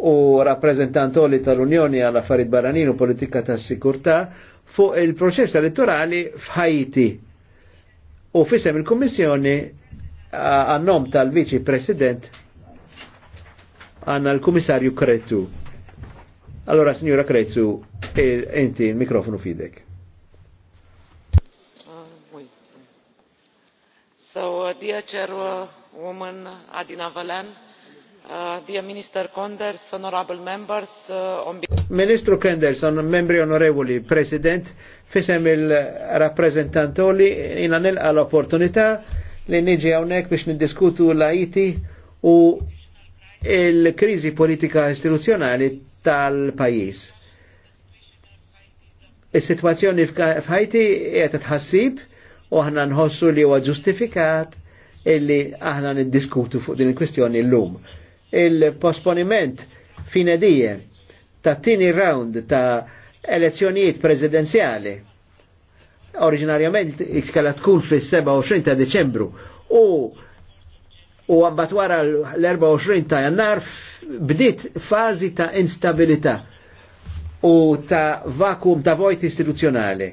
u rappresentantoli tal-Unjoni għal affarijiet barranin u politika tas sikurtà fuq il-proċess elettorali f'Haiti. U fisem il-Kommissjoni għannom tal-Viċi President għanna l kummissarju Kretu. Allora, signora Kretu, e, inti il mikrofonu fidek. Ah, so, uh, dear Chairwoman Adina Valen, Uh, uh, Ministru Kenders, membri onorevoli, President, fisem il-rappresentantoli, jina nilqa l-opportunità li niġi għawnek biex niddiskutu l-IT u il-krizi politika istituzjonali tal-pajis. Is-sitwazzjoni f'Ħajti qed tħassib u aħna nħossu li huwa ġustifikat illi aħna niddiskutu fuq din il-kwistjoni l-lum. il kwistjoni l lum il il-posponiment dije ta' tini round ta' elezzjonijiet prezidenziali oriġinarjament iskala tkun fis-27 ta' Deċembru u u għambat wara l-24 ta' jannar bdiet fazi ta' instabilità u ta' vakum ta' vojt istituzjonali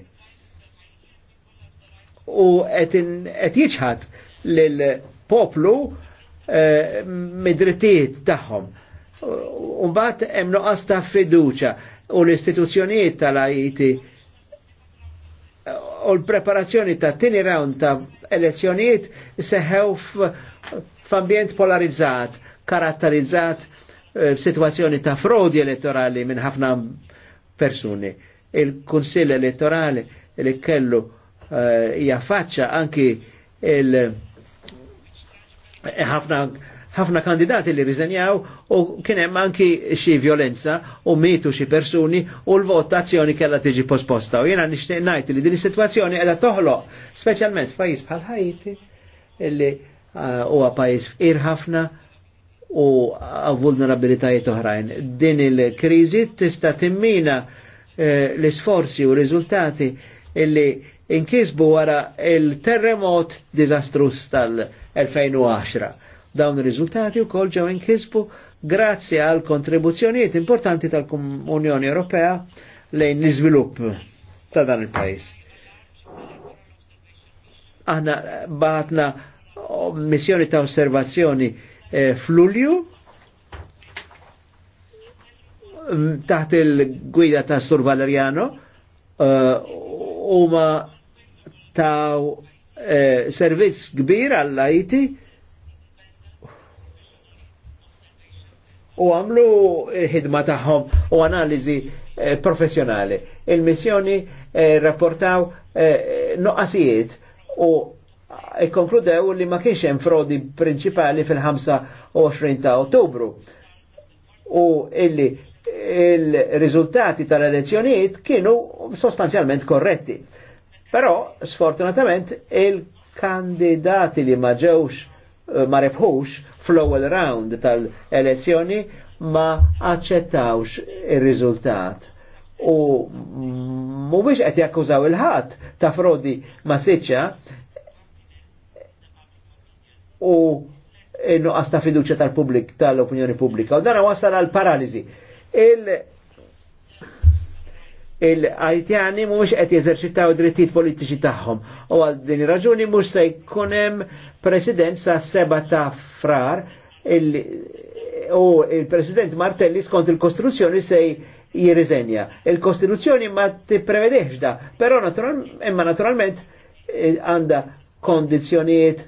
U qed jieċħat l poplu mid-drittijiet tagħhom. U mbagħad hemm ta' fiduċa u l-istituzzjonijiet tal-IT e u l-preparazzjoni ta' tini round ta' elezzjonijiet seħew f'ambjent polarizzat, karatterizzat eh, situazzjoni ta' frodi elettorali minn ħafna persuni. Il-Kunsill elettorali li kellu eh, hija faċċa anki il- Eh, ħafna ħafna kandidati li riżenjaw u kien hemm anki xi violenza u mitu xi persuni u l-votazzjoni kellha tiġi posposta. U jiena nixtieq ngħid li din is-sitwazzjoni qiegħda toħloq speċjalment f'pajjiż bħal Ħajti illi eh, huwa pajjiż fqir ħafna u vulnerabilitajiet oħrajn. Din il-kriżi tista' timmina eh, l-isforzi u r-riżultati illi inkisbu wara il-terremot dizastrus tal-2010. Dawn ir-riżultati wkoll ġew inkisbu grazzi għal kontribuzzjonijiet importanti tal-Unjoni Ewropea lejn l-iżvilupp ta' dan il-pajis. Aħna baħatna missjoni ta' osservazzjoni eh, f'Lulju mm, taħt il-gwida ta' Sur Valeriano u uh, eh, ma taw eh, servizz kbir għall-IT u għamlu ħidma tagħhom u analiżi eh, professjonali. Il-missjoni eh, rapportaw eh, u ikkonkludew li ma kienx hemm frodi prinċipali fil-25 ta' Ottubru u illi il-riżultati tal-elezzjonijiet kienu sostanzjalment korretti Però, sfortunatament, il-kandidati li ma ġewx eh, ma rebħux fl-ewwel round tal-elezzjoni ma aċċettawx ir-riżultat u mhuwiex qed jakkużaw il-ħadd ta' frodi ma' siċċa u nuqqas ta' fiduċja tal pubblik tal-opinjoni pubblika u dan wasal għal paralizi il-Haitjani mhux qed jeżerċitaw drittijiet politiċi tagħhom. U għal din raġuni mhux se jkun hemm president sa seba ta' frar il u il-President Martelli skont il-Kostruzzjoni se jirriżenja. Il-Kostituzzjoni ma prevedeħx da, però natural, imma naturalment eh, għanda kondizjoniet eh,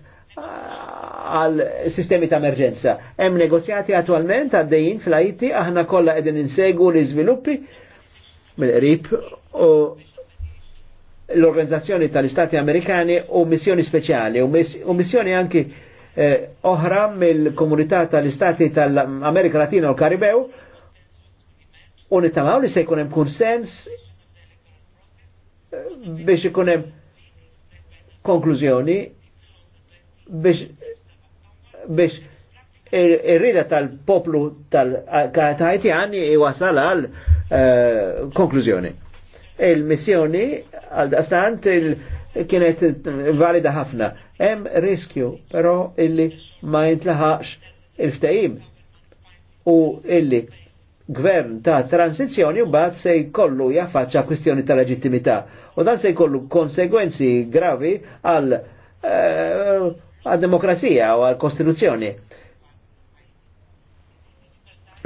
għal sistemi ta' emerġenza. Hemm negozjati attualment għaddejjin fl-Haiti aħna kollha qegħdin insegu l-iżviluppi mill-qrib u l-Organizzazzjoni tal-Istati Amerikani u missjoni speċjali u missjoni anki eh, oħra mill-Komunità tal-Istati tal-Amerika Latina u Karibew u nittamaw li se jkun hemm kunsens eh, biex ikun hemm konklużjoni biex biex Ir-rida tal-poplu tal-Haitian iwasal għal eh, konklużjoni. Il-missjoni għal dastant kienet valida ħafna. Hemm riskju, però illi ma jintlaħax il-ftajim u illi gvern ta' transizjoni u bat se jkollu jaffaċċa kwistjoni ta' leġittimità u dan se jkollu konsegwenzi gravi għal eh, demokrazija u għal kostituzzjoni.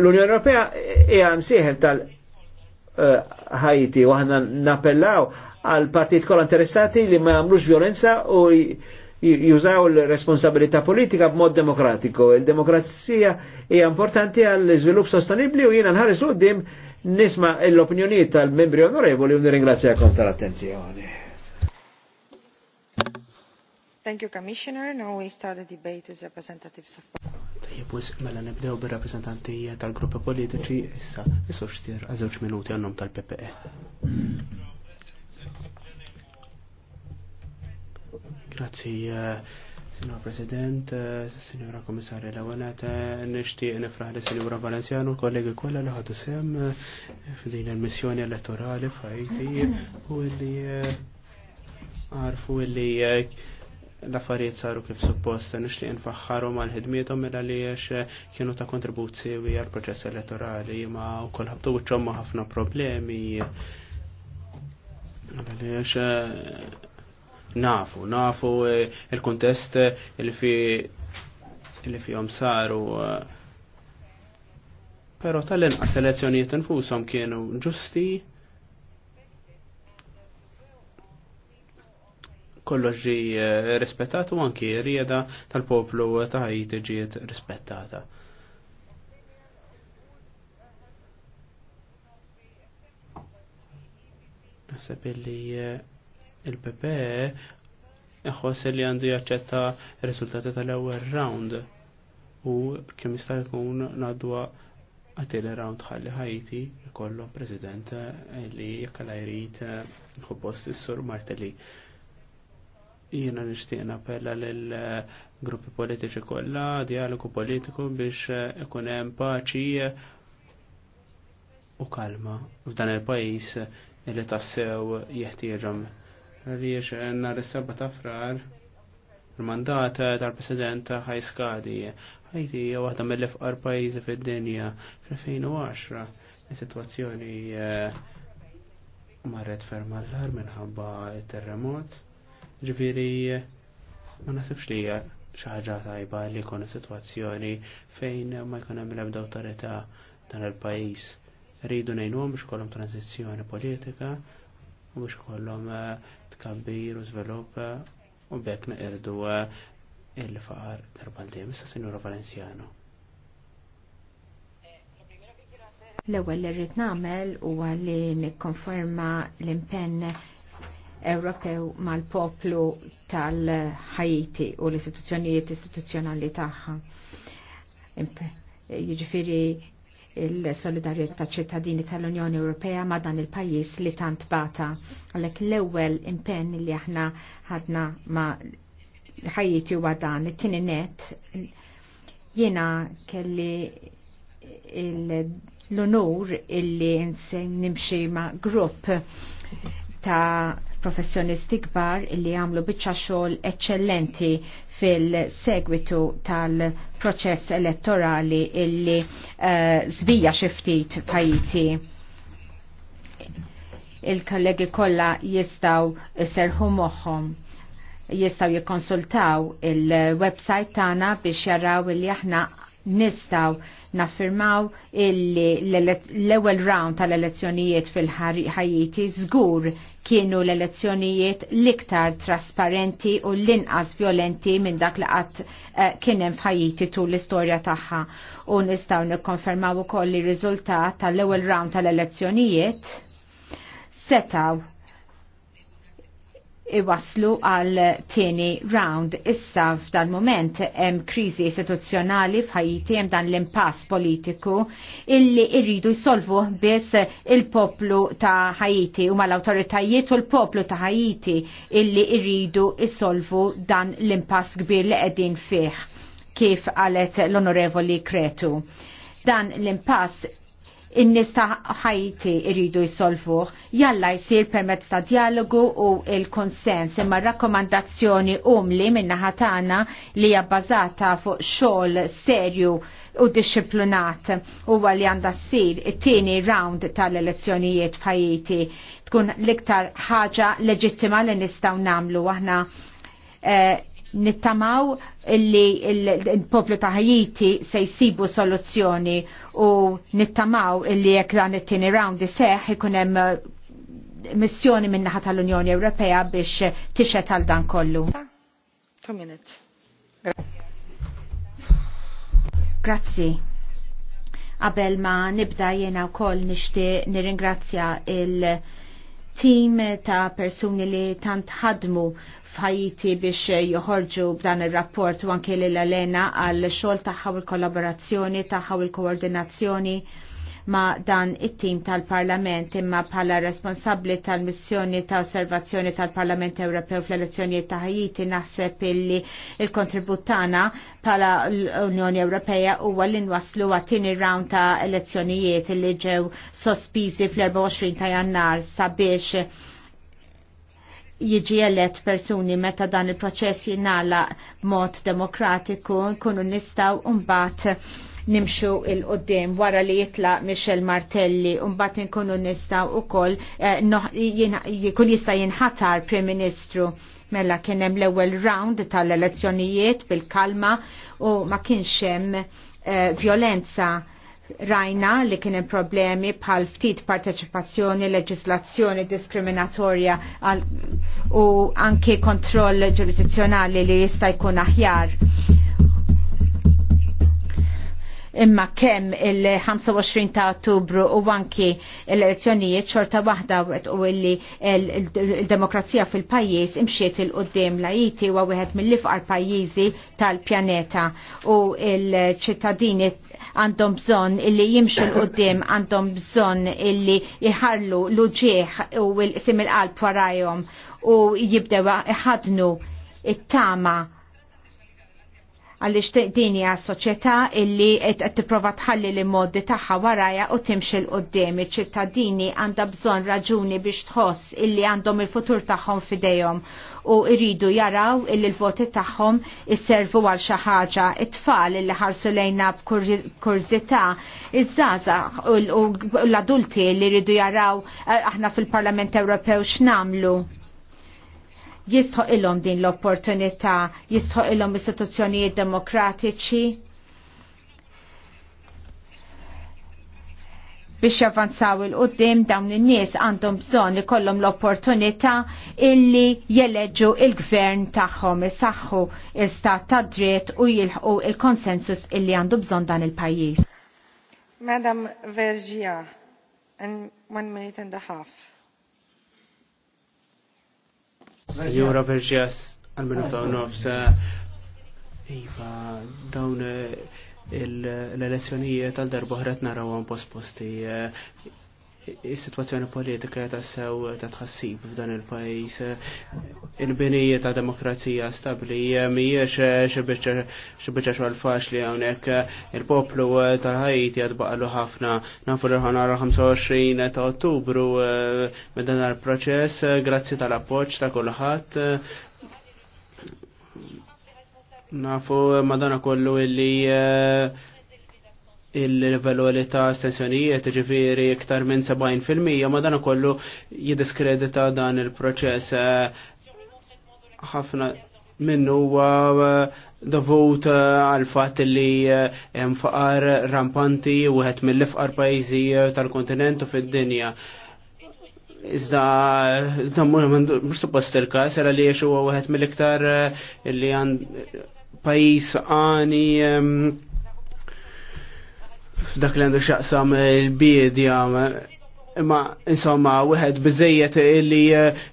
L-Unjoni Ewropea hija msieħel tal-Ħajti u aħna nappellaw għal partit kollha interessati li ma jagħmlux violenza u jużaw l-responsabilità politika b'mod demokratiku. Il-demokrazija hija importanti għal iżvilupp sostenibbli u jiena nħares qudiem nisma l-opinjonijiet tal-membri onorevoli u nirringrazzjakom tal-attenzjoni. Thank you, Commissioner. Now we start the debate with representatives of Tajjeb, mela nibdew bir-rappresentanti tal-gruppi politiċi, issa, issa xtir għazewċ minuti għannom tal-PPE. Grazzi, eh, Signor President, eh, Sinjora Komissarja Lawanet, eh, nishtiq nifraħ li Sinjora Valenziano, kollegi kolla li ħadu sem f'din il-missjoni elettorali f'Ajti, u li għarfu li l-affarijiet saru kif suppost, nixtieq nfaħħarhom għal ħidmietom mela li eh, kienu ta' kontribuzzi u għal proċess elettorali ma wkoll ħabtu wiċċhom ħafna problemi. Għaliex eh, nafu, nafu eh, il-kontest li fi li fihom saru Pero tal-inqas elezzjonijiet infushom kienu ġusti kollox ġi eh, rispettat u anki rieda tal-poplu ta' Haiti ġiet rispettata. Naħseb li eh, il-PP iħoss e li għandu jaċċetta r-riżultati tal-ewwel round u kemm jista' jkun nadwa għatil round ħalli ħajti kollom president eh, li jekk jrid jħu is-sur Martelli. Jiena nixtieq appella lil eh, gruppi politiċi kollha, dialogu politiku biex eh, ikun hemm paċi eh, u kalma f'dan il-pajjiż li tassew jeħtieġhom. Għaliex nhar is-seba' ta' frar il-mandat tal-President ta' ħajskadi. Ħajti hija waħda mill-ifqar pajjiżi fid-dinja fl-2010. Is-sitwazzjoni marret ferm allar minħabba terremot Ġviri, ma nasibx li xaħġa tajba li jkun situazzjoni fejn ma jkun hemm l-ebda awtorità dan il-pajjiż. Rridu ngħinuhom biex kollhom tranzizzjoni politika u biex kollhom eh, tkabbir u żvilupp u bekk irdu eh, il-faqar darba Issa Sinjura Valenzjano. L-ewwel li rrid nagħmel huwa li nikkonferma l-impenn Ewropew mal-poplu tal-Ħajiti u l-istituzzjonijiet istituzzjonali tagħha. Jiġifieri il-solidarieta ċittadini tal-Unjoni Ewropea ma dan il pajjiż li tant bata. Għalhekk l ewwel impenn li aħna ħadna ma ħajjiti huwa dan it-tieni net jiena kelli l-onur illi nimxi ma' grupp ta' professjonisti kbar illi għamlu bieċa xogħol eccellenti fil-segwitu tal-proċess elettorali illi uh, eh, zbija xiftit pajiti il-kollegi kolla jistaw serħu moħħom jistaw jikonsultaw il-websajt tana biex jaraw li aħna nistaw naffirmaw l-ewel round tal-elezzjonijiet fil-ħajjiti żgur kienu l-elezzjonijiet l-iktar trasparenti u l-inqas violenti minn dak li qatt eh, kienem f'ħajjiti tul l-istorja tagħha. U nistaw nikkonfermaw ukoll li riżultat tal-ewel round tal-elezzjonijiet setaw iwaslu għal tieni round. Issa f'dal moment hemm kriżi istituzzjonali f'Ħajti hemm dan l-impass politiku illi irridu jsolvu biss il-poplu ta' Ħajti u mal-awtoritajiet u l-poplu ta' Ħajti illi irridu jsolvu dan l-impass kbir li qegħdin fih kif qalet l-Onorevoli Kretu. Dan l-impass in-nies ta' ħajti iridu jsolvuh, jalla jsir permezz ta' dialogu u il-konsens imma rakkomandazzjoni umli min-naħa tagħna li hija bbażata fuq xogħol serju u disciplinat u li għandha ssir it-tieni round tal-elezzjonijiet f'Ħajti tkun l-iktar ħaġa leġittima li nistgħu nagħmlu aħna eh, nittamaw illi il-poplu ta' Haiti se jsibu soluzzjoni u nittamaw illi jekk dan it-tieni round iseħħ ikun hemm eh, missjoni minnaħa tal-Unjoni Ewropea biex tixet għal dan kollu. Grazzi. Qabel ma nibda jena u koll nishti nirringrazzja il- tim ta' persuni li tant ħadmu f'ħajti biex joħorġu b'dan ir-rapport u anke lil Elena għal xogħol tagħha il kollaborazzjoni tagħha il koordinazzjoni ma' dan it-tim tal-Parlament imma bħala responsabli tal-missjoni ta' osservazzjoni tal-Parlament Ewropew fl-elezzjonijiet ta' Ħajiti naħseb illi il-kontribut tagħna bħala l-Unjoni Ewropea huwa li nwaslu għat-tieni round ta' elezzjonijiet li ġew sospiżi fl-24 ta' Jannar sabiex jiġi elett persuni meta dan il-proċess jinala mod demokratiku nkunu nistaw un-bat nimxu il-qoddim wara li jitla Michel Martelli unbat nkunu nistaw u koll eh, jikun jista jinħatar Prim Ministru mella kienem l ewwel round tal-elezzjonijiet bil-kalma u ma kienxem eh, violenza rajna li kien hemm problemi bħal ftit parteċipazzjoni, leġislazzjoni diskriminatorja u anke kontroll ġurisdizzjonali li jista' jkun aħjar imma kemm il-25 ta' ottubru u anki l-elezzjonijiet xorta waħda u illi l-demokrazija fil-pajjiż imxiet il-qoddim lajiti u għawihet mill-ifqar pajjiżi tal-pjaneta u il-ċittadini għandhom bżon illi jimxu l-qoddim għandhom bżon illi jħarlu l-uġieħ u l simil il-qalb warajom u jibdewa iħadnu it-tama għaliex din hija soċjetà illi qed tipprova tħalli li modi tagħha warajja u timxil l qudiem iċ-ċittadini għandha bżonn raġuni biex tħoss illi għandhom il-futur tagħhom f'idejhom u iridu jaraw illi l-voti tagħhom isservu għal xi ħaġa. It-tfal illi ħarsu lejna b'kurżità, iż-żgħażagħ u l-adulti li jridu jaraw eh, aħna fil-Parlament Ewropew x'namlu jistħu ilhom din l-opportunità, jistħu ilhom istituzzjonijiet demokratiċi biex javvanzaw il-qoddim dawn in-nies għandhom bżonn ikollhom l-opportunità illi jeleġġu il-gvern tagħhom isaħħu l stat ta' dritt u jilħqu il-konsensus illi għandu bżonn dan il-pajjiż. Madam Vergia, and one minute and a half. Signora Vergias, għal-minuta u nofsa, iva, dawn eh, l-elezzjonijiet għal darbohret narawan post-posti eh, is-sitwazzjoni politika ta' sew ta' tħassib f'dan il-pajis. Il-binija ta' demokrazija stabli miex xibiċa xogħol faċli hawnhekk il-poplu ta' Ħajti għadbaqlu ħafna nafu l ħanar 25 ta' Ottubru eh, minn dan proċess eh, grazzi tal-appoġġ ta' kulħadd nafu eh, madana kollu illi il-livellu ta' sessjonijiet ġifiri iktar minn 70% ma dan kollu jidiskredita dan il-proċess ħafna minnu huwa eh, dovut eh, għal fatt li eh, hemm faqar rampanti wieħed mill-ifqar pajjiżi tal-kontinent u fid-dinja. Iżda mhux suppost il-każ era li huwa wieħed mill-iktar li għand pajjiż għani f'dak li għandu xaqsam il-biedja imma insomma wieħed biżejjed illi eh,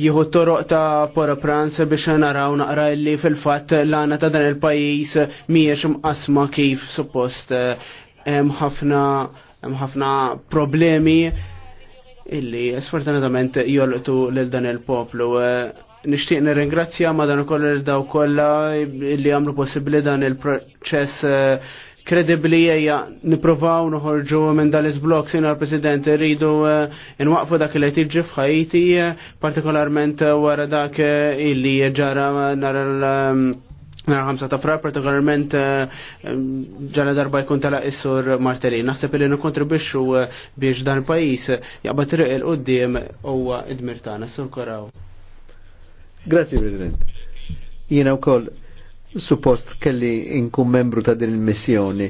jieħu toroq ta' pora Pranz biex naraw naqra illi fil-fatt l-għana ta' dan il-pajis miex mqasma kif suppost eh, hemm ħafna problemi illi sfortunatament jolqtu lil dan il-poplu eh, nishtiq nirringrazzja ma dan ukoll daw kollha li għamlu possibbli dan il-proċess kredibli ejja niprovaw noħorġu minn dal-izblok sinar President rridu eh, nwaqfu dak li tiġi f'Ħajti, eh, partikolarment eh, wara dak illi ġara nar nara ħamsa ta' frar, partikolarment ġala darba jkun tala issur marteli. Naħseb li nikontribixxu biex dan pajis jaqbad triq il-qoddim huwa id-mirtana, sur koraw. Grazie, President. u koll, suppost kelli inkun membru ta' din il-missjoni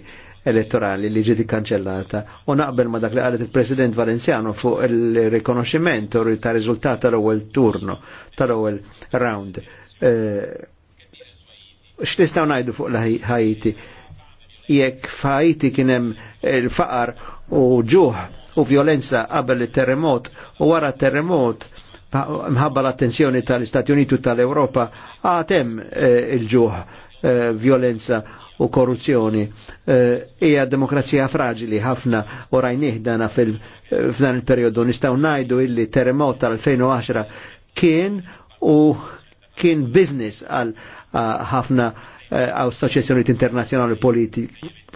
elettorali li ġiet ikkanċellata u naqbel ma dak li qalet il-President Valenziano fuq il u ta' riżultat tal-ewwel turno, tal-ewwel round. Eh, x'tistgħu ngħidu fuq l-Ħajti? Jekk f'Ħajti kien hemm il-faqar u ġuħ u violenza qabel it-terremot u wara terremot mħabba l-attenzjoni tal-Istati Uniti u tal-Europa għatem eh, il-ġuħ eh, violenza u korruzzjoni. Eh, Ija demokrazija fragili ħafna u rajniħdana f'dan il-periodu. Nistaw najdu illi terremot tal-2010 kien u kien business għal ħafna għaw soċessjoniet internazjonali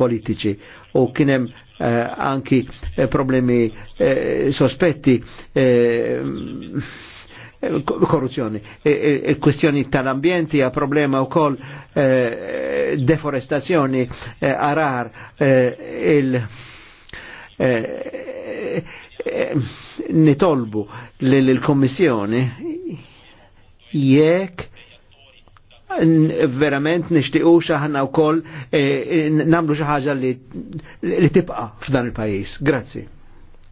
politiċi u kienem Eh, anki eh, problemi eh, sospetti korruzzjoni. Il-kwestjoni e, e, e tal-ambjent a problema wkoll deforestazzjoni, arar, il- nitolbu l-Kommissjoni jekk verament nishtiqu xaħna u koll eh, eh, namlu xaħġa li, tibqa f'dan il-pajis. Grazzi.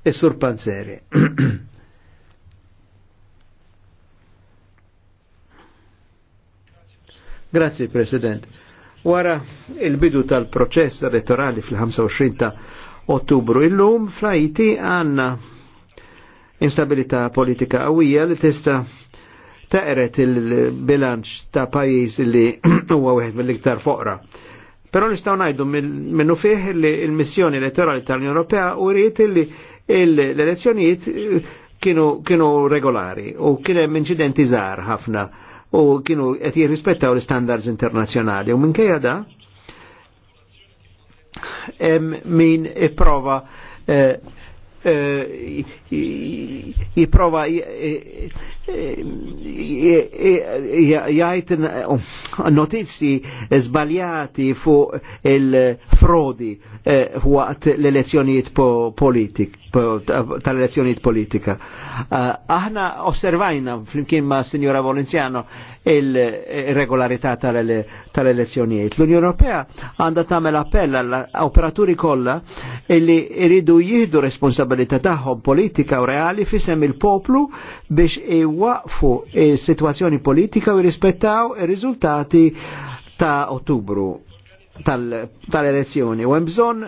Is-sur Panzeri. Grazzi, President. Wara il-bidu tal-proċess elettorali fil-25 ta' ottubru illum lum flajti għanna instabilità politika qawwija li tista' taqret il-bilanċ ta' pajis li huwa wieħed mill-iktar foqra. Però nistgħu ngħidu minnu fih li l-missjoni elettorali tal-Unjoni Ewropea uriet li l-elezzjonijiet kienu, kienu regolari u kien hemm inċidenti żgħar ħafna u kienu qed jirrispettaw l-istandards internazzjonali u minkejja da hemm min ipprova eh, jiprova jajt notizji zbaljati fuq il-frodi eh, waqt l-elezzjonijiet politik tal-elezzjoniet politika. Eh, aħna osservajna flimkien ma' Signora Volenziano il-regolarità eh, tal-elezzjoniet. L-Unjoni Ewropea għandha tagħmel appell għall-operaturi kollha illi jridu jieħdu responsabilità tagħhom politika u reali fisem il-poplu biex iwaqfu il-sitwazzjoni politika u jirrispettaw ir-riżultati ta' Ottubru tal-elezzjoni. U bżon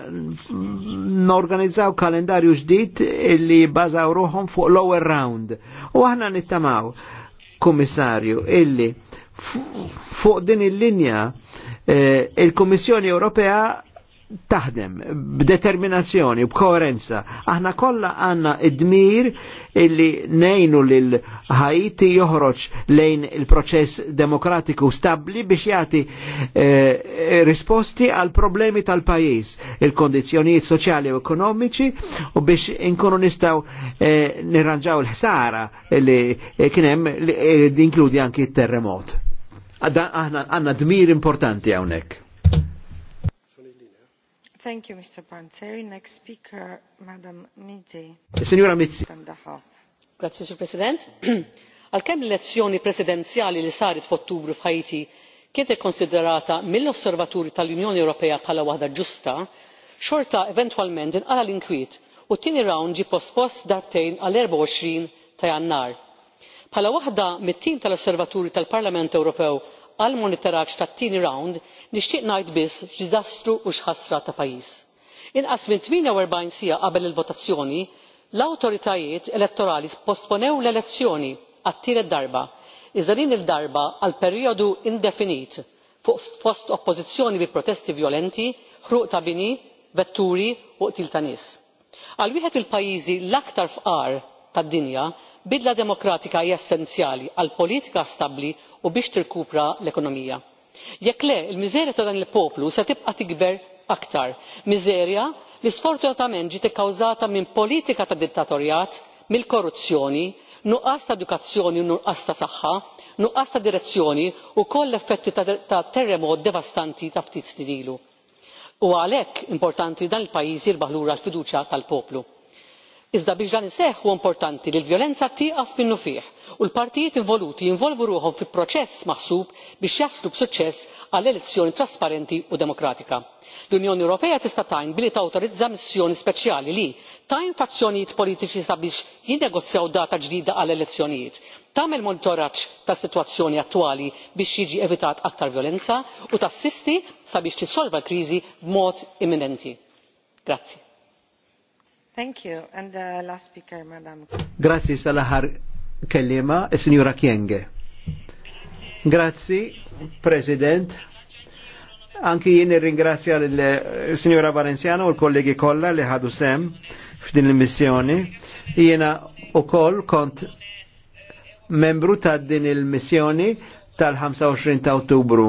n-organizzaw kalendarju ġdid illi bazaw ruħom fuq lower round. U aħna nittamaw, komissarju, illi fuq din il-linja eh, il komissjoni Ewropea taħdem b'determinazzjoni, b'koerenza. Aħna kollha għandna id-dmir illi nejnu lil ħajti joħroġ lejn il-proċess demokratiku stabli biex jagħti eh, risposti għal problemi tal-pajjiż, il-kondizzjonijiet soċjali u ekonomiċi u biex inkunu nistgħu eh, nirranġaw il-ħsara li kien hemm inkludi anki t-terremot. Aħna għandna dmir importanti hawnhekk. Thank you, Mr. Panzeri. Next speaker, Madam Mizzi. Signora Mizzi. Grazie, Sir President. Għalkemm l-elezzjoni presidenzjali li saret f'Ottubru f'Ħajti kienet konsiderata mill-osservaturi tal-Unjoni Ewropea bħala waħda ġusta, xorta eventwalment inqara l-inkwiet u t-tieni round ġie pospost darbtejn għall 24 ta' Jannar. Bħala waħda mit-tim tal-Osservaturi tal-Parlament Ewropew għal monitoraġġ tat tieni round nixtieq ngħid biss x'diżastru u x'ħasra ta' pajjiż. inqas minn 48 siegħa qabel il-votazzjoni l-awtoritajiet elettorali sposponew l-elezzjoni għat-tielet darba iżda din id-darba għal perjodu indefinit fost oppożizzjoni bi protesti vjolenti ħruq ta' bini vetturi u qtil ta' nies. għal wieħed il pajjiżi l aktar fqar tad dinja bidla demokratika hija essenzjali għal politika stabbli u biex tirkupra l ekonomija. jekk le il miżerja ta' dan il poplu se tibqa' tikber aktar miżerja li sfortunatament ġiet ikkawżata minn politika ta' dittatorjat mill korruzzjoni nuqqas ta' edukazzjoni u nuqqas ta' saħħa nuqqas ta' direzzjoni u koll effetti ta' terremot devastanti ta' ftit snin ilu. u għalhekk importanti dan il pajjiż jirbaħ lura l fiduċja tal poplu iżda biex dan iseħħ huwa importanti li l vjolenza tieqaf minnu fih u l-partijiet involuti jinvolvu ruħhom fi proċess maħsub biex jaslu b'suċċess għal elezzjoni trasparenti u demokratika. l-unjoni ewropea tista' tgħin billi tawtorizza missjoni speċjali li tajn fazzjonijiet politiċi sabiex jinnegozjaw data ġdida għal elezzjonijiet tagħmel monitoraġġ tas-sitwazzjoni attwali biex jiġi evitat aktar vjolenza u tassisti sabiex tissolva l kriżi b'mod imminenti. Thank you. And the last speaker, Madam. Grazzi Salahar kellima, e signora Kienge. Grazzi, President. Anki jien ringrazzja l-Signora eh, Valenciano u l-kollegi kolla li ħadu sem f'din il-missjoni. Jiena koll kont membru ta' din il-missjoni tal-25 ta' Ottubru.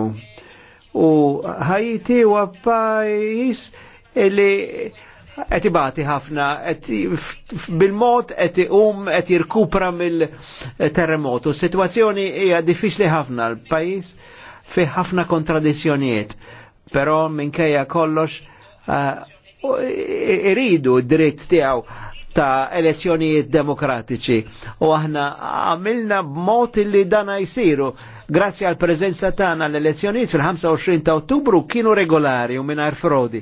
U ħajti u għappajis li qed ibati ħafna bil-mod qed um, qed jirkupra mill-terremotu. Situazzjoni hija diffiċli ħafna l-pajjiż fi ħafna kontradizzjonijiet, però minkejja kollox eh, iridu uh, dritt tiegħu ta' elezzjonijiet demokratiċi u aħna għamilna b'mod li dana jsiru Grazzi għal preżenza tagħna l-elezzjonijiet fil-25 ta' Ottubru kienu regolari u mingħajr frodi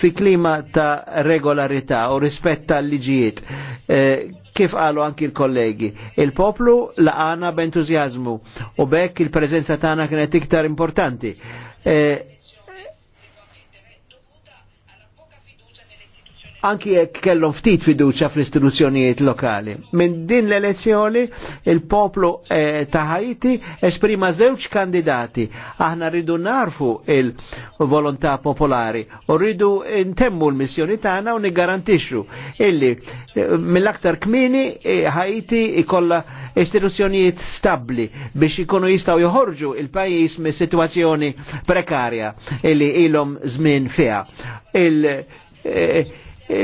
fi klima ta' regolarità u rispett tal-liġijiet. Eh, kif qalu anki l-kollegi. Il-poplu laqana b'entużjażmu u bekk il-preżenza tagħna kienet iktar importanti. Eh, anki jekk kellhom ftit fiduċa fl-istituzzjonijiet lokali. Minn din l-elezzjoni il-poplu eh, ta' Haiti esprima żewġ kandidati. Aħna rridu narfu il-volontà popolari u rridu intemmu l-missjoni tagħna u niggarantixxu illi eh, mill-aktar kmini Haiti eh, ikolla istituzzjonijiet stabbli biex ikunu jistgħu joħorġu il-pajjiż mis situazzjoni prekarja illi ilhom żmien fiha. Il, eh,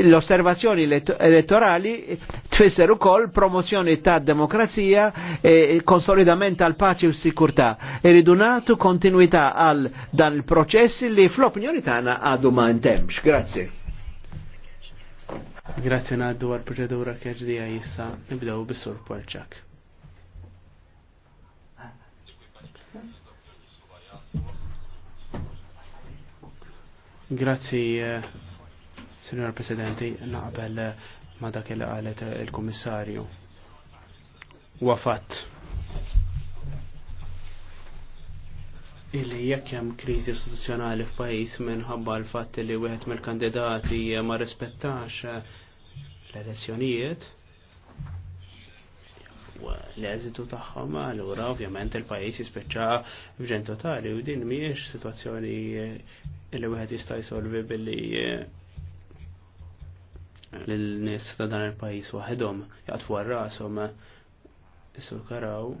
l-osservazzjoni elettorali tfisser ukoll promozzjoni ta' demokrazija, e konsolidament tal paċi u sikurtà. Iridu nagħtu kontinuità għal dan il-proċess li fl-opinjoni tagħna għadu ma ntemx. Grazie. Grazie naddu għal proċedura keġdija issa nibdew bis-sur Polċak. Grazzi eh, Signor Presidenti, naqbel ma dak li qalet il-Kummissarju. Wafat. Illi jekk hemm kriżi istituzzjonali f'pajjiż minħabba l-fatt li wieħed mill-kandidati ma rispettax l-elezzjonijiet, l-eżitu tagħhom allura ovvjament il-pajjiż jispiċċa f'ġen totali u din mhijiex sitwazzjoni li wieħed jista' jsolvi billi l-nis ta' dan il-pajis waħedhom jgħatfu għarrasom rashom karaw.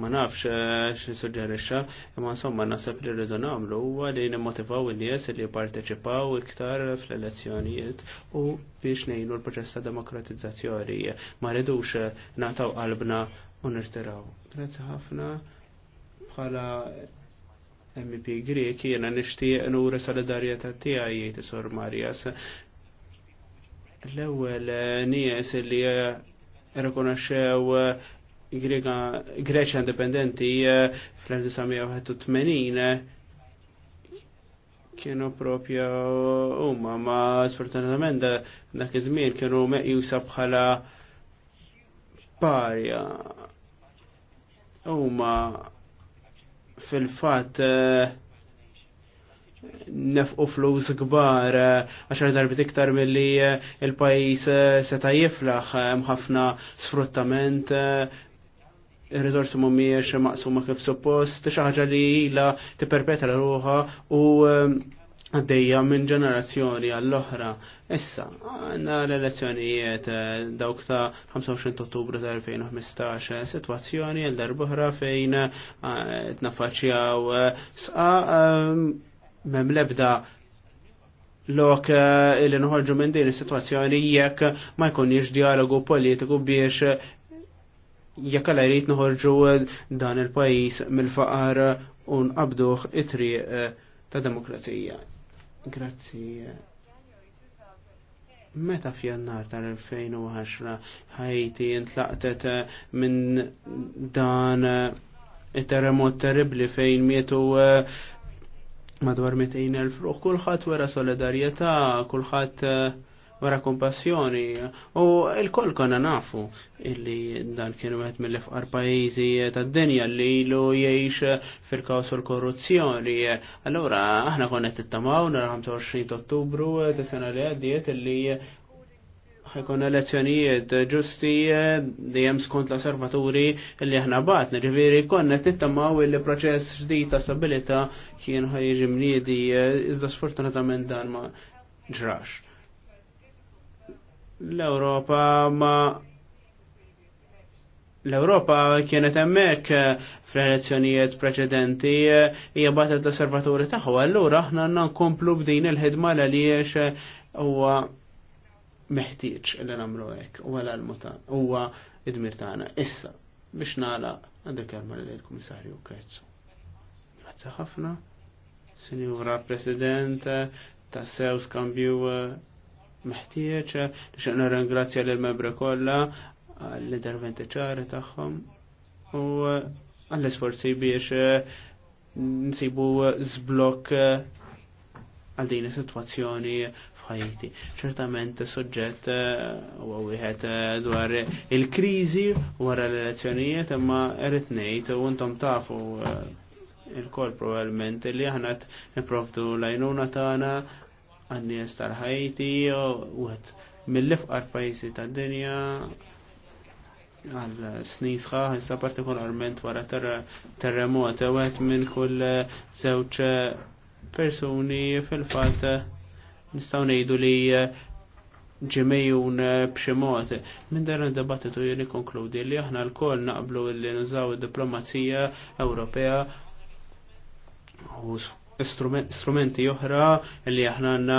Ma nafx eh, xi suġġerixxa, imma insomma naħseb li rridu nagħmlu huwa li nimmotivaw in-nies li jipparteċipaw iktar fl-elezzjonijiet u biex ngħinu l-proċess ta' demokratizzazzjoni. Ma rridux eh, nagħtaw qalbna u nirtiraw. Grazzi ħafna bħala MP Grek jiena nixtieq nura solidarjetà tiegħi jgħid Sor Marjas. L-ewwel eh, nies li eh, rekonaxew eh, Greċja indipendenti fl 1980 kienu propja huma ma sfortunatament dak iż-żmien kienu meqjusa bħala parja huma fil-fat eh, nefqu flus kbar eh, għaxar darbit iktar milli eh, il-pajis seta jiflaħ mħafna sfruttament il-rizorsi mumiex maqsuma kif suppost, xi ħaġa li perpetra l ruha u għaddeja minn ġenerazzjoni għall-oħra. Issa, għanna l-elezzjonijiet eh, dawk ta' 25 ottubru ta' 2015, eh, situazzjoni għal darbuħra fejn eh, t-nafacċjaw sqa mem lebda lok li nħorġu minn din is-sitwazzjoni jekk ma jkunniex dialogu politiku biex jekk għal jrid noħorġu dan il-pajjiż mill-faqar u nqabduh it-triq ta' demokrazija. Grazzi. Meta f'jannar tal-2010 ħajti intlaqtet eh, minn dan eh, it-terremot terribli fejn mietu eh, madwar 200.000 ruħ, kulħadd wera solidarjetà, kulħadd wara kompassjoni u il-koll konna nafu illi dan kienu għet mill-ifqar pajizi tad-dinja li ilu jiex fil-kaos u l-korruzzjoni. Allora, aħna konna t-tamaw nara 25 ottubru t-sena li għaddiet illi ħajkun elezzjonijiet ġusti dejjem skont l servaturi li aħna bat, ġifieri konna tittamaw il proċess ġdid ta' stabilità kien ħajġi mniedi iżda sfortunatament dan ma ġrax l-Europa ma l-Europa kienet emmek fl-elezzjonijiet preċedenti hija batet l-osservaturi tagħha, allura aħna għandna nkomplu b'din il-ħidma għaliex huwa meħtieġ li nagħmlu hekk u għal mutan huwa id-dmir tagħna. Issa biex nagħla għandek kelma l kummissarju Krezzu. Grazzi ħafna, Sinjura President, Sews Kambju meħtieġ biex nirringrazzja lill membri kollha għall-interventi ċari tagħhom u għall-isforzi biex eh, nsibu zblok eh, għal din is-sitwazzjoni f'Ħajti. Ċertament suġġett eh, huwa wieħed dwar il-kriżi wara l-elezzjonijiet imma rrid ngħid u intom tafu il-kol probabbilment li aħna nipprovdu l-għajnuna tagħna għannies tal-ħajti u għet mill-lifqar pajjiżi tad-dinja għal snisħa issa partikolarment wara terremot, għet minn kull zewċ persuni fil-fat nistaw nejdu li ġimejun bximot. Minn dan il-debattitu jeni konkludi li aħna l-koll naqblu li nużaw il-diplomazija Ewropea u strumenti oħra li aħna għanna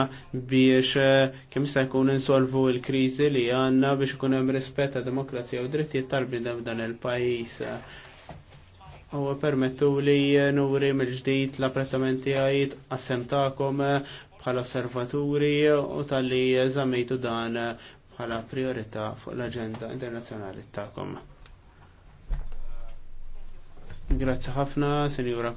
biex eh, kemm jista' jkun insolvu l-kriżi li għanna biex ikun hemm rispett ta' demokrazija u drittijiet tal-bnedem f'dan il-pajjiż. U permettu li nuri mill-ġdid l-apprezzamenti għajt għassem ta'kom eh, bħala osservaturi u tal-li zamejtu dan eh, bħala priorità fuq l-agenda internazzjonali ta'kom. Grazie ħafna, Senjura